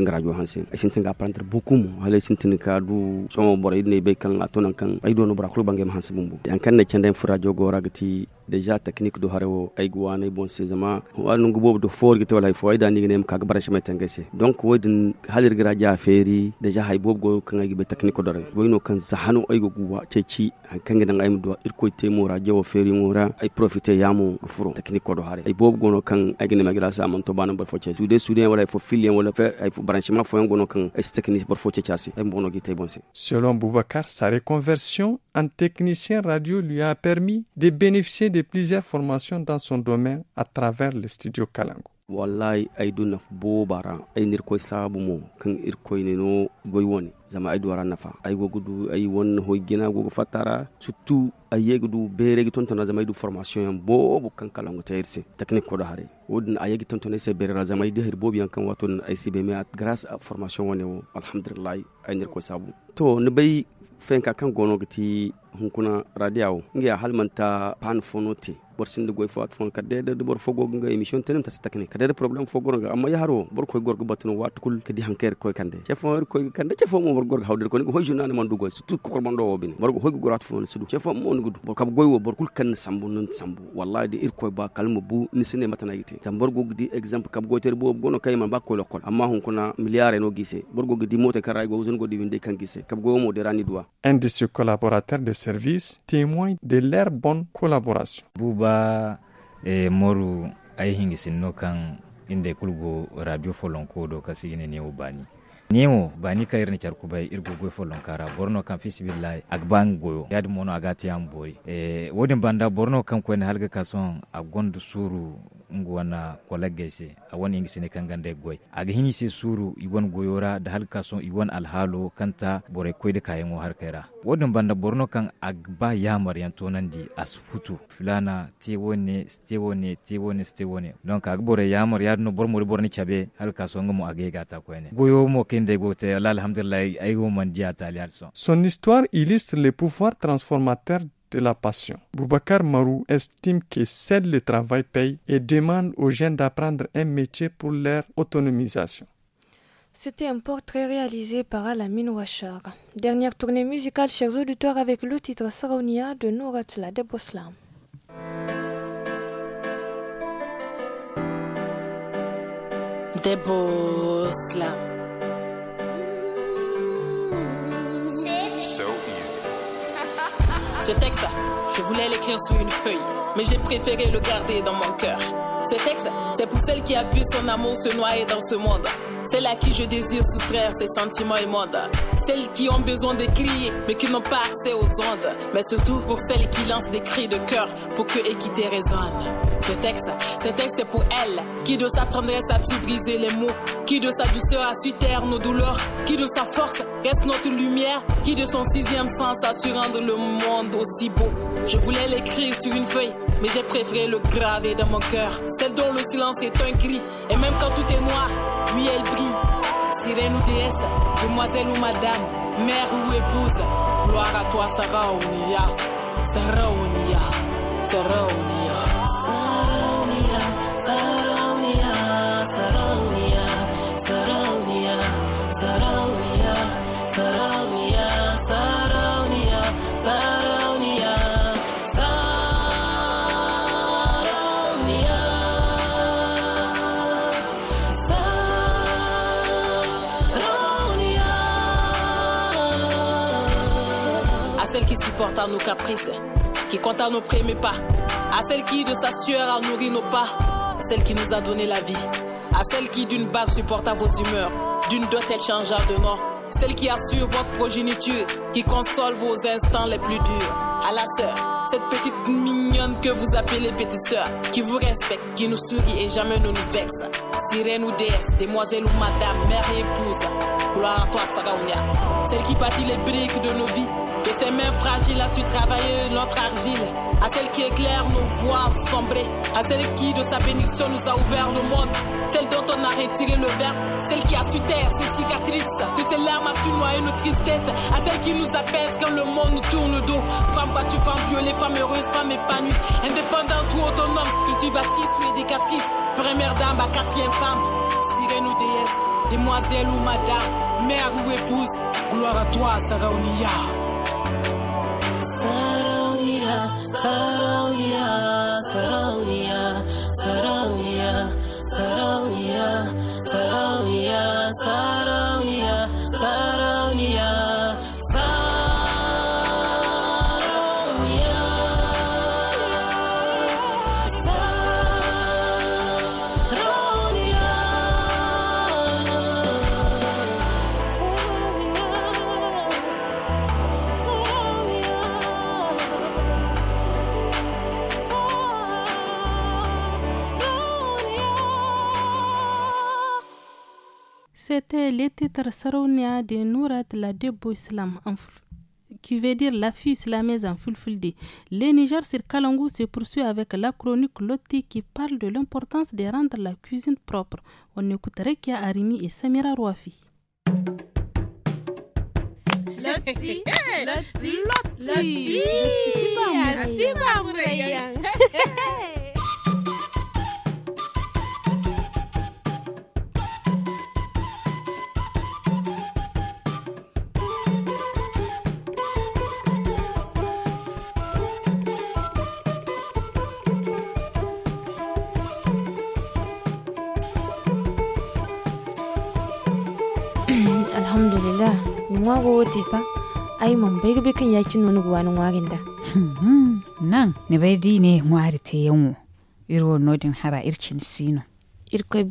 kan garajo hanse ay sintin ga prendre beaucoup mo hala sintin ka du somo bora idne be kan atonan kan ay do no bra kul bangem hanse bumbu yan kan ne kende fura jogo ragati déjà technique do haro ay bon sezama wa no gubo do forgi to lay foy dani ngem ka tangese donc din halir Ferry, ja feri deja hay bob go kan ay technique do boy no kan zahano ay guwa ceci kan ngidan ay do irko te mora jawo feri mora ay profiter yamu furo technique do hare ay bob go no kan ay ngem gira sa man to banan bar foce sude sude wala fo filien wala fer ay fo branchement fo ngono kan ay technique bar ay bono bonse selon Boubacar sa reconversion en technicien radio lui a permis de bénéficier de plusieurs formations dans son domaine à travers le studio Kalango. wallahi ay du naf bobara ay nir koy sabu mo kan ir koy ne no woni zama ay du wara nafa ay gogudu ay won hoy gina fatara surtout ay yegudu beregi ton tona zama ay du formation yam bobu kan kala ngo technique ko do hare wodin ay yegi ton zama ay de her bobu yan kan watun ay sibe at grâce à uh, formation woni wo alhamdulillah ay nir koy sabu to ne bay fenka kan gono gati hunkuna radiyawo ngiya halmanta pan fono te bor sinde goy fat fon kadde de bor fogo nga emission tenem kadde de problem fogo nga amma bor koy gorgo wat kul kadi hanker koy kande koy kande bor gorgo hawde ko ni hoy man dugo ko do wobine bor hoy gorgo rat fon sudu gudu bor goy wo bor kul kan sambu non sambu wallahi de ir koy ba kalmo bu ni sene matana yite tam bor gogo di exemple bo gono kay man bakko lokol amma hon kuna milliard no gise bor gogo di karay go zon go di winde kan gise mo de rani de de service témoin de leur bonne collaboration. Bouba e eh, moru ay hingi sinno radio folonko do kasigine nemo bani ka irin charku bai irgo goy fo lonkara borno kam fisibillahi ak bang goyo yadi mono agati am boy e wodin banda borno kan ko en halga kason a gondu suru ngu wana kolege se a wani ingi sene kan gande goy a hini se suru iwan goyora da halga kason iwan alhalo kanta bore koyde kayengo har kaira wodin banda borno kan agba yamar yantonandi as futu fulana te wone te wone te wone te wone donc agbore yamar yadno bormo borni chabe halga kason ngo mo agega ta ko ene goyo mo ke Son histoire illustre les pouvoirs transformateurs de la passion. Boubacar Marou estime que seul le travail paye et demande aux jeunes d'apprendre un métier pour leur autonomisation. C'était un portrait réalisé par Alamine Wachar Dernière tournée musicale, chers auditeurs, avec le titre Saronia de Nouratla de Deboslam Ce texte, je voulais l'écrire sur une feuille, mais j'ai préféré le garder dans mon cœur. Ce texte, c'est pour celle qui a pu son amour se noyer dans ce monde. Celle à qui je désire soustraire ces sentiments immondes. Celles qui ont besoin de crier, mais qui n'ont pas accès aux ondes. Mais surtout pour celles qui lancent des cris de cœur pour que équité résonne. Ce texte, ce texte est pour elle, qui de sa tendresse a su briser les mots, qui de sa douceur a su taire nos douleurs, qui de sa force reste notre lumière, qui de son sixième sens a su rendre le monde aussi beau. Je voulais l'écrire sur une feuille mais j'ai préféré le graver dans mon cœur. Celle dont le silence est un cri, et même quand tout est noir, lui elle brille. Sirène ou déesse, demoiselle ou madame, mère ou épouse, gloire à toi, Sarah Onia. Sarah Sarah à nos caprices, qui compte à nos premiers pas, à celle qui de sa sueur a nourri nos pas, celle qui nous a donné la vie, à celle qui d'une bague supporta vos humeurs, d'une dot elle changea de mort. celle qui assure votre progéniture, qui console vos instants les plus durs, à la sœur, cette petite mignonne que vous appelez petite sœur, qui vous respecte, qui nous sourit et jamais ne nous vexe, sirène ou déesse, demoiselle ou madame, mère et épouse, gloire à toi Sagounia, celle qui bâtit les briques de nos vies, ces mains fragiles à su travailler notre argile, à celle qui éclaire nos voies sombrées, à celle qui de sa bénédiction nous a ouvert le monde, celle dont on a retiré le verbe, celle qui a su taire ses cicatrices, de ses larmes a su noyer nos tristesses, à celle qui nous apaise quand le monde nous tourne le dos. Femme battue, femme violée, femme heureuse, femme épanouie, indépendante ou autonome, cultivatrice ou éducatrice, première dame à quatrième femme, sirène ou déesse, demoiselle ou madame, mère ou épouse, gloire à toi, Sagaonia. Saraunia, Saraunia. c'était le de Nourat la Debo Islam qui veut dire la fille islamaise en fulfulde. Le Niger sur Kalangou se poursuit avec la chronique Loti qui parle de l'importance de rendre la cuisine propre. On écoute Rekia Arimi et Samira Rouafi. Loti, Loti, Loti, tifa yakin hmm, Nan, warin da nan ne bai di ne ngwari yanwo iro nodin hara irkin sino irko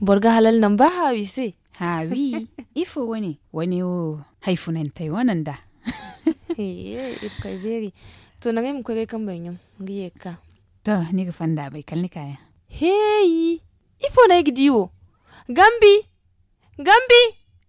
borga halal nan Tu hawi se ifo wani wani o haifunan tai wannan da beri to na kwere kan to fanda bai kalni heyi ifo na gambi gambi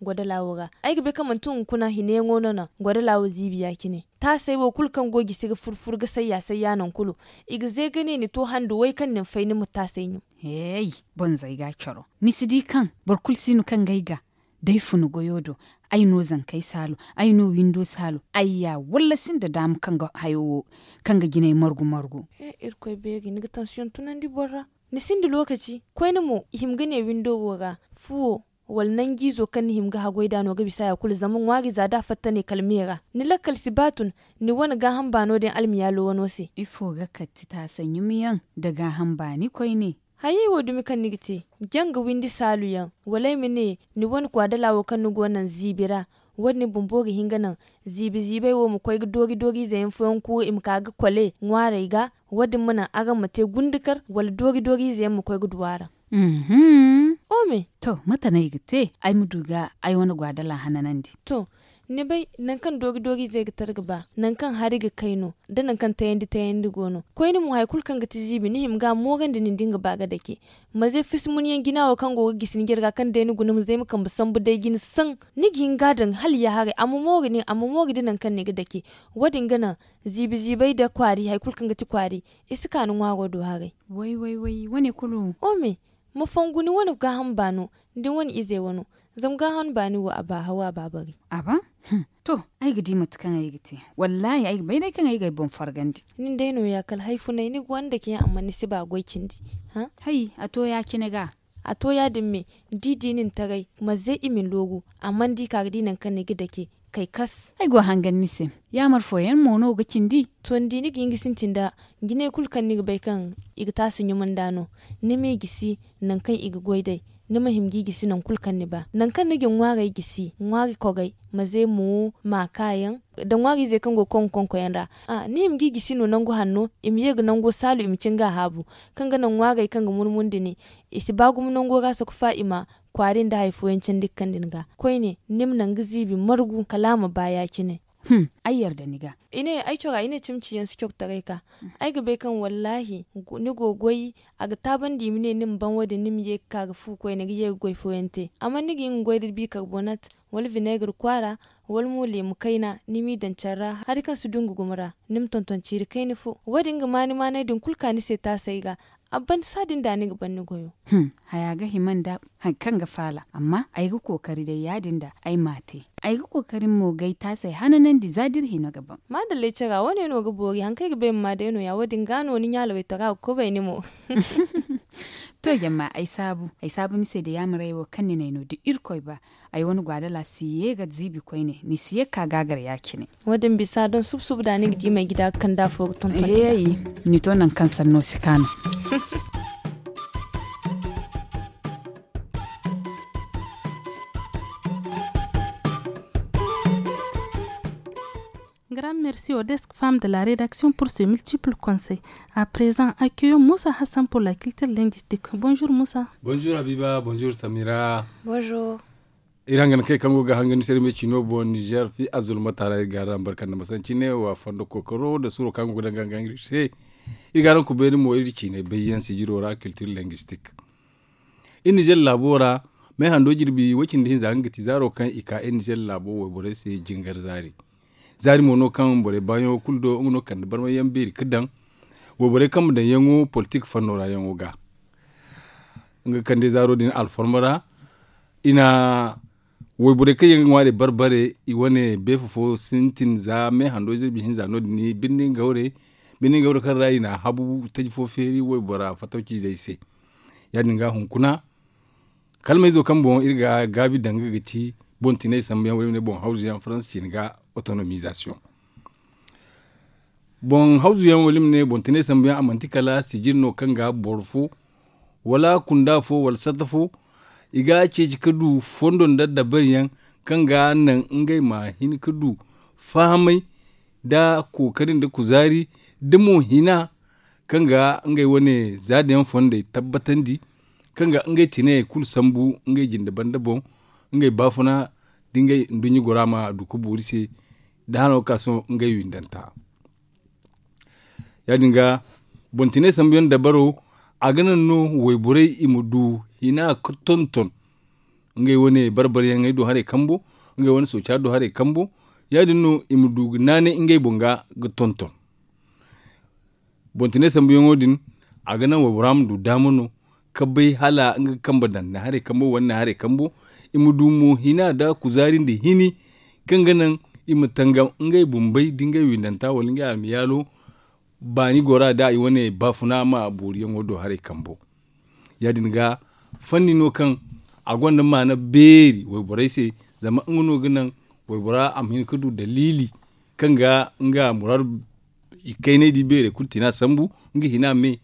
gwada lawo ga aiki be kaman tun kuna hine ngono na gwada lawo zibiya kine ta sai wo kul kan gogi siga furfur ga sayya sayya nan kulu iga zai gane ni to handu wai kan nin faini mu ta sai ni hey bon zai ga kyoro ni sidi kan bar kul sinu kan gaiga dai funu goyodo ai no zan kai salo ai no windo salo ai ya walla sin da dam kan ga hayo kan ga gine margu margu eh irko be ga ni ga tension tunan di borra ni sin lokaci koy ni mo himgane windo woga fuo nan gizo kan nihim ga hagoi dano ga bisa ya kul zaman wagi za da fatta ne kalmera ni lakal sibatun ni wani ga hamba no den almiya lo wano se ifo ga katti ta sanyi miyan daga hamba ni koi ne hayi wo dumi kan gite janga windi salu yan walai ne ni wani kwa da lawo kan nugo nan zibira wani hinga nan zibi zibai wo mu koi dogi dogi zayin fuyon ku im kaga kwale ngware ga wadin mana aga mate gundukar wal dogi dogi zayin mu koi gudwara mhm mm ome to mata na igite ai muduga ai wani gwadala di to ni bai nan kan dogi dogi zai gitar gaba nan kan hari ga kaino da nan kan ta ta tayandi gono ko ni mu haikul kan ga tizibi ni himga mogan da nin dinga baga dake ma zai fis mun yan gina wa kan gogo gisin girga kan da ni gunum zai mu kan busan bu dai gin san ni gin gadan hal ya hare amma mogi ni amma mogi da nan kan ne ga dake wadin gana zibi zibai da kwari haikul kan ga ti kwari iska nun wago do hare wai wai wai wani kulun ome mafanguni wani gahan bano din wani izai wani zam gahan bani wa ba hawa babari aba hm. to ai gidi mutukan ai gidi wallahi ai bai kan ai gaibon fargandi nin dai no ya kal haifu nai ni wanda ke amma ni si ba goikin di ha hai a to ya kine ga a to ya din didi nin tarai mazai imin logo amma di ka dinan kan ni gida ke kai kas ai go hangan nisin ya marfo yan mono ga kindi ton dini gi ngi sintinda gine kulkan ni bai kan iga tasin yuman dano ni me gisi nan kan iga gwaidai. ni mahim gi gisi nan kulkan ni ba nan kan ni gin wagai gisi wagai kogai maze mu ma kayan da wagai zai kan go kon kon koyan ra ni him gi gisi no nan go hanno im yeg nan go salu im cinga habu kan ga nan wagai kan ga murmundi ne isi bagu mun nan go ga sa ku fa'ima kwarin da haifu yancin dukkan dinga koi ne nimnan bi margu kalama baya kine Hmm, da yarda ni ga. Ine ai kyora ine cimciyan su kyokta ka. Ai gabe kan wallahi ni gogoyi a ga taban di mine nim ban wadi nim ye ka ga fu koi ne ye goi foyente. Amma ni gin goi da bicarbonate wal vinegar kwara wal mu lemu kaina nimi dan charra har kan su dungu gumra nim tonton ciri kai ni fu. Wadin ga mani ma na kulka ni se ta sai ga abban sadin da ni gaban goyo. Hmm, haya ga himan da hankan ga fala, amma ai ga kokari da yadin da ai mate. Ai ga kokarin mu gai ta sai hananan di zadir hino gaban. Madalle ce ga wani no ga bori hankai ga bayin ma da yano ya wadin gano ni yalo ta ga ko bai ni mo. to yamma ai sabu, ai sabu ni sai da yamurai wa kan ni no di irkoi ba. Ai wani gwadala siye ga zibi koi ne, ni siye ka gagar yaki ne. Wadin bisa don subsub da ni gidi mai gida kan da furtun. Eh, ni to nan kan sanno sikano. au desk femme de la rédaction pour ce multiple conseil. À présent, accueillons Moussa Hassan pour la culture linguistique. Bonjour Moussa. Bonjour Abiba, bonjour Samira. Bonjour. irangan kai kango ga hangan sere me chino bo Niger fi azul matara ga ran barkan da masan wa fondo kokoro da suro kango da gangan se igaran ku beni mo iri cine bayan si jiro ra culture linguistique in Niger labora me hando jirbi wakin da hin zangati zaro kan ika in Niger labo wa bore se jingar zari zari no kan bore banyo kuldo ngono kan barma yambiri kidan wo bore kam da yango politique fanora yango ga nga kan de zaro din al formara ina wo bore ke yango ware barbare i wone befo fo sintin za me hando je bi hinza no ni binni gaure binni gaure kan rayi na habu taji fo feri wo bora fatauci dai se yadin ga hunkuna kalmai zo kan bon irga gabi dangagati gati bon tinai sambiyan wani bon hausa yan france ga autonomisation bon yan walim ne bon tene sambiyan amantikala sijirno kanga borfo wala kunda fo wal satafo iga ceci kadu fondon da dabariyan kanga nan ingai ma hin kadu fahamai da kokarin da kuzari da hina kanga ingai wani zadiyan fonda tabbatan di kanga ingai tine kul sambu ingai jinda bandabon ingai bafuna dingai ndunyi gorama duku borise da hana kaso nga yindanta ya dinga bontine sambiyon da baro a ganin no waiburai imudu hina tonton nga wani barbar yan do hare kambo nga wani socha do hare kambo ya dinno imudu nane nga bonga ga tonton bontine sambiyon odin a ganin waiburam du damono kabai hala nga kamba dan na hare kambo wannan hare kambo imudu mu hina da kuzarin da hini kan ganin ima tanga ngai bumbai dingai windanta wal ngai am bani gora da i wane bafuna ma yongo do hare kambo yadin ga fanni no kan agwanda ma na beri wai borai se zama ngono ginan wai bora amhin kudu dalili kan ga nga murar ikai ne di bere kultina sambu ngi hina me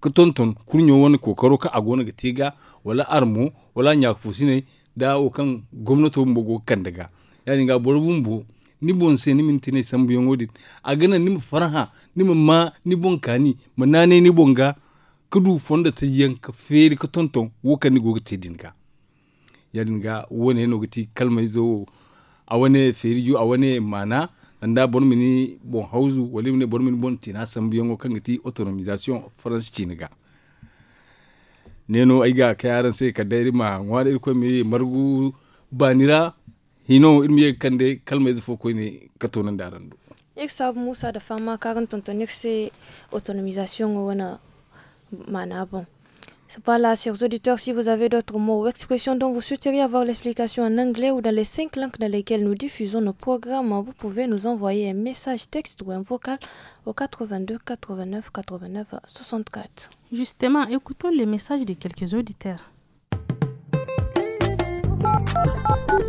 ka tonton kurnyo wani ka a gona ga tega wala armo wala nyakfusine ne da kan gomnato mbogo kan daga yani ga bor bumbo ni bon se ni min tine sambu yongo dit agana ni faraha ni ma ni bon kani manane ni bon ga kudu fonda ta yan ka feri ka tonton woka ni goga tedin ga yadin ga wone no gati kalma zo a wani feri ju a wani mana anda bon mini bon hausu wali mini bon mini bon tina sambu yongo kan gati autonomisation france ci ga neno aiga kayaran ka sai ka dairi ma ngwada ko mi margu banira hino know, ye kande kalma musa da fama se autonomisation c'est mana bon Voilà, chers auditeurs, si vous avez d'autres mots ou expressions dont vous souhaiteriez avoir l'explication en anglais ou dans les cinq langues dans lesquelles nous diffusons nos programmes, vous pouvez nous envoyer un message texte ou un vocal au 82 89 89 64. Justement, écoutons les messages de quelques auditeurs.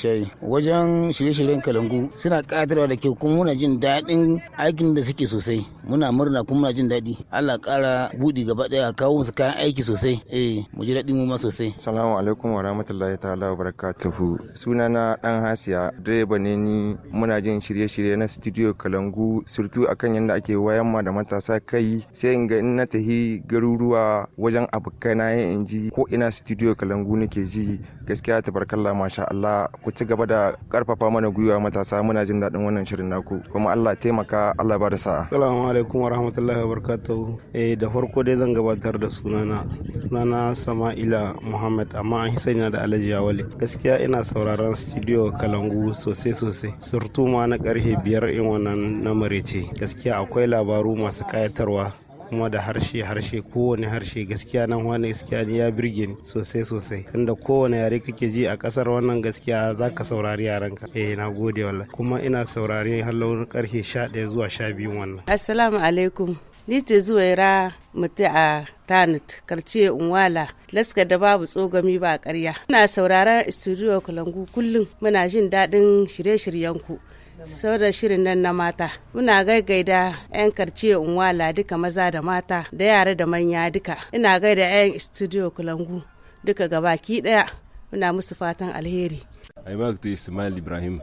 shayi wajen shirye-shiryen kalangu suna katarwa da kyau kuma muna jin daɗin aikin da suke sosai muna murna kuma muna jin daɗi Allah ƙara buɗi gaba ɗaya kawo musu kayan aiki sosai eh mu ji daɗin mu ma sosai salamu alaikum wa rahmatullahi ta'ala wa barakatuhu na dan hasiya direba ne ni muna jin shirye-shirye na studio kalangu surtu akan yadda ake wayan ma da matasa kai sai in ga in na tahi garuruwa wajen abokaina in ji ko ina studio kalangu nake ji gaskiya ta masha Allah ku ci gaba da karfafa mana gwiwa matasa muna jin daɗin wannan shirin naku kuma Allah taimaka Allah ba da sa'a assalamu alaikum warahmatullahi wabarakatuh eh da farko dai zan gabatar da sunana sunana Sama'ila Muhammad amma an sani da Alhaji Yawale gaskiya ina sauraron studio Kalangu sosai sosai surtu ma na karfe biyar in wannan na gaskiya akwai labaru masu kayatarwa kuma da harshe harshe kowane harshe gaskiya nan wani gaskiya ya birge ni sosai sosai tunda kowane yare kake ji a kasar wannan gaskiya za ka saurari yaranka eh na gode wallahi kuma ina saurari har launin karfe 11 zuwa 12 wannan assalamu alaikum ni ce ra mutu a tanit karce unwala laska da babu tsogami ba karya ina sauraron studio kalangu kullum muna jin daɗin shirye-shiryenku saboda shirin nan na mata muna gaigaida 'yan karce unwala duka maza da mata da yara da manya duka ina gaida 'yan studio kulangu duka gabaki daya muna musu fatan alheri ba ta ismail ibrahim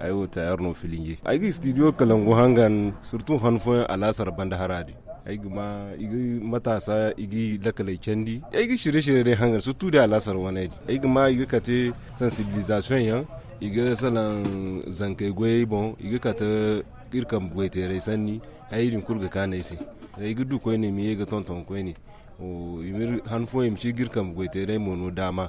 aiwo ta yarno filinge aiki studio kalangu hangan surtu hanfo alasar banda haradi aiki ma igi matasa igi lakalai kendi aiki shirye-shirye dai hangan surtu da alasar wani aiki ma igi kate sensibilisation yan iga salan zanke gwai bon iga kata irkan gwai tere sanni ayirin kurga kana isi rai gudu ko ne miye ga tonton kwai ne o imir hanfo fo im ci girkam gwai rai mono dama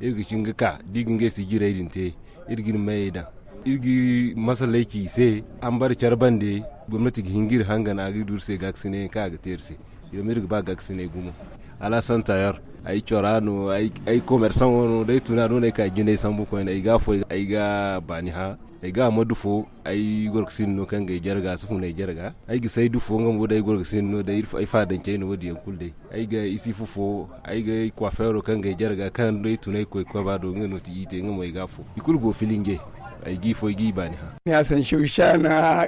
irga ga ka digin ga si gira irin te irgin mai da irgi masalaki sai an bar carban da gwamnati hingir hangana a gidur sai gaksine ka ga terse yamir ba gaksine gumo ala santayar ay corano ay ay commerçant wono dai tunano ne ka jine sambu ko ay ga foy ay ga bani ha e ga ma dufo ay gorko sinno kan e jarga fu ne jarga ay gi say dufo ngam woda ay gorko sinno da ir ay fadan ceyno wodi en kulde ay ga isi fufo ay ga coiffeur kan e jarga kan do tunay koy ko bado ngano ti ite ngam fo gafo ikul go filinge ay gi fo gi bani ha ya san shusha na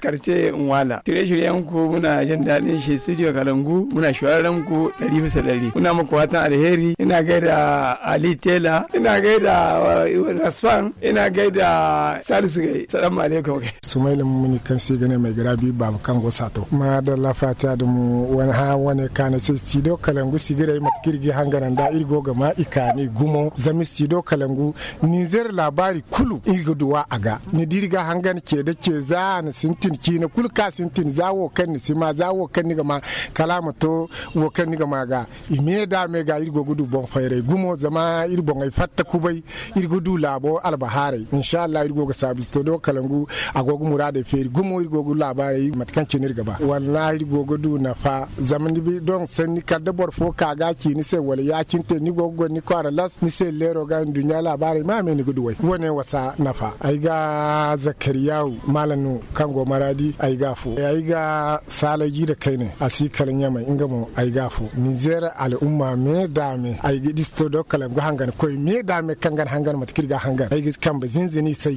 karce in wala tire yan ku muna jin dadin shi studio kalangu muna shawaran ku dari bisa dari muna muku watan alheri ina gaida Ali Tela ina gaida eh, Rasfan ina gaida salisu gai salamu alaikum gai sumaila muni kan sai gane mai gira bi babu kan gosa to ma da lafata da mu wani ha wani kana sai do kalangu sigira ma kirgi hangaran da irgo ga ma ikani gumo zami do kalangu ni nizer labari kulu irgo duwa aga ni dirga hangan ke da ke za ni sintin ki na kul ka sintin za wo kan ni sima za wo kan ni ga ma kalama to wo kan ni ga ma ga ime da me ga irgo gudu bon fayre gumo zama irgo ngai fatta kubai irgo du labo albahare insha Allah irgo ga sabis to do kalangu agogo murade feri gumo irgogo labari matkan kinir gaba wallahi gogo du na fa zaman bi don sanni kadda bor fo kaga ki ni se wal ya kinte ni gogo ni kwara las ni se lero ga dunya labari ma me ni gudu wai wone wasa nafa ai ga zakariyau malanu kango maradi ai ga fu ai ga salaji da kaine ne asi kalan yama inga mu ai ga fu al umma me dame ai gidisto do kalangu hangan koy me dame kangan hangan matkirga hangan ai ga kan ba zinzini sai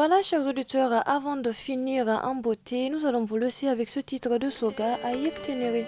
Voilà, chers auditeurs, avant de finir en beauté, nous allons vous laisser avec ce titre de Soga à Ténéré.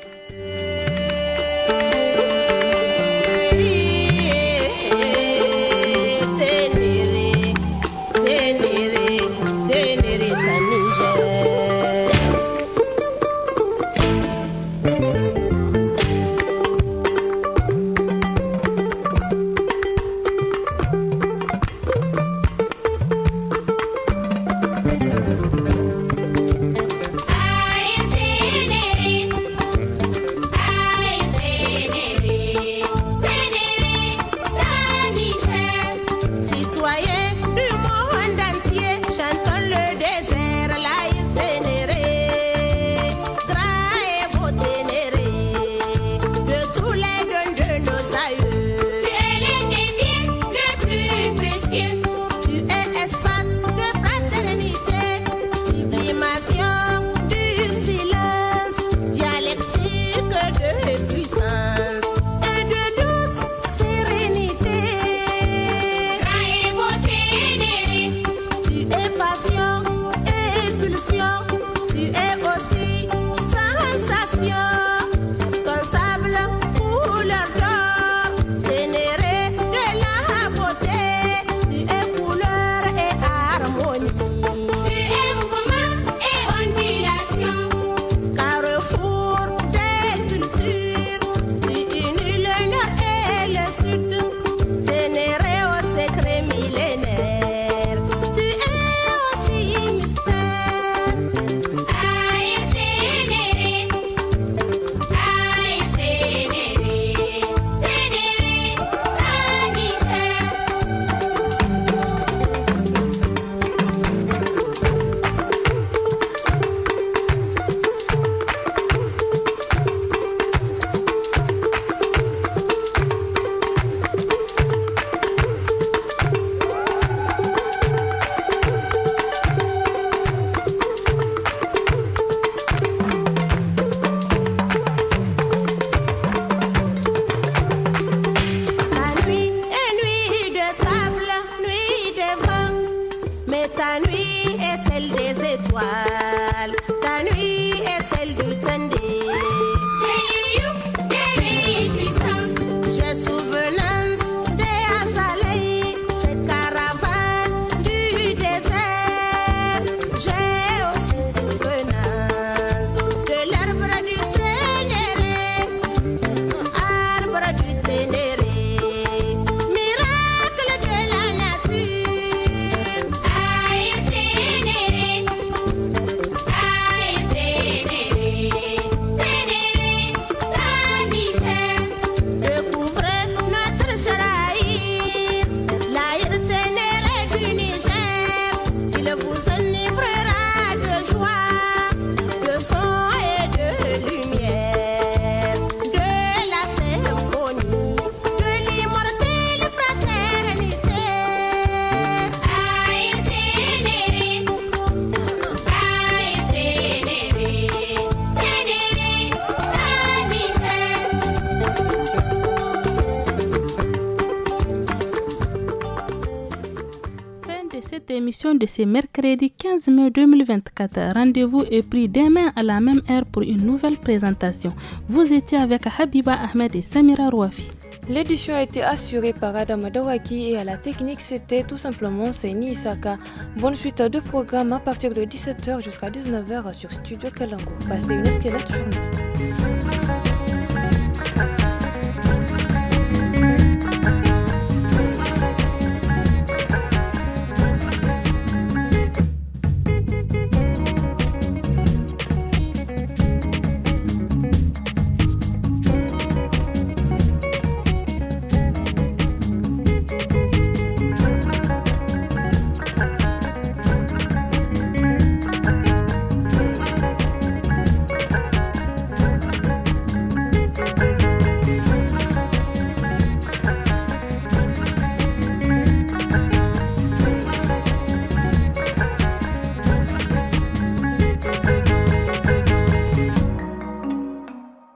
de ce mercredi 15 mai 2024. Rendez-vous est pris demain à la même heure pour une nouvelle présentation. Vous étiez avec Habiba Ahmed et Samira Rouafi. L'édition a été assurée par Adam Dawaki et à la technique, c'était tout simplement Seini Isaka. Bonne suite à deux programmes à partir de 17h jusqu'à 19h sur Studio Kalango. Passez une excellente journée.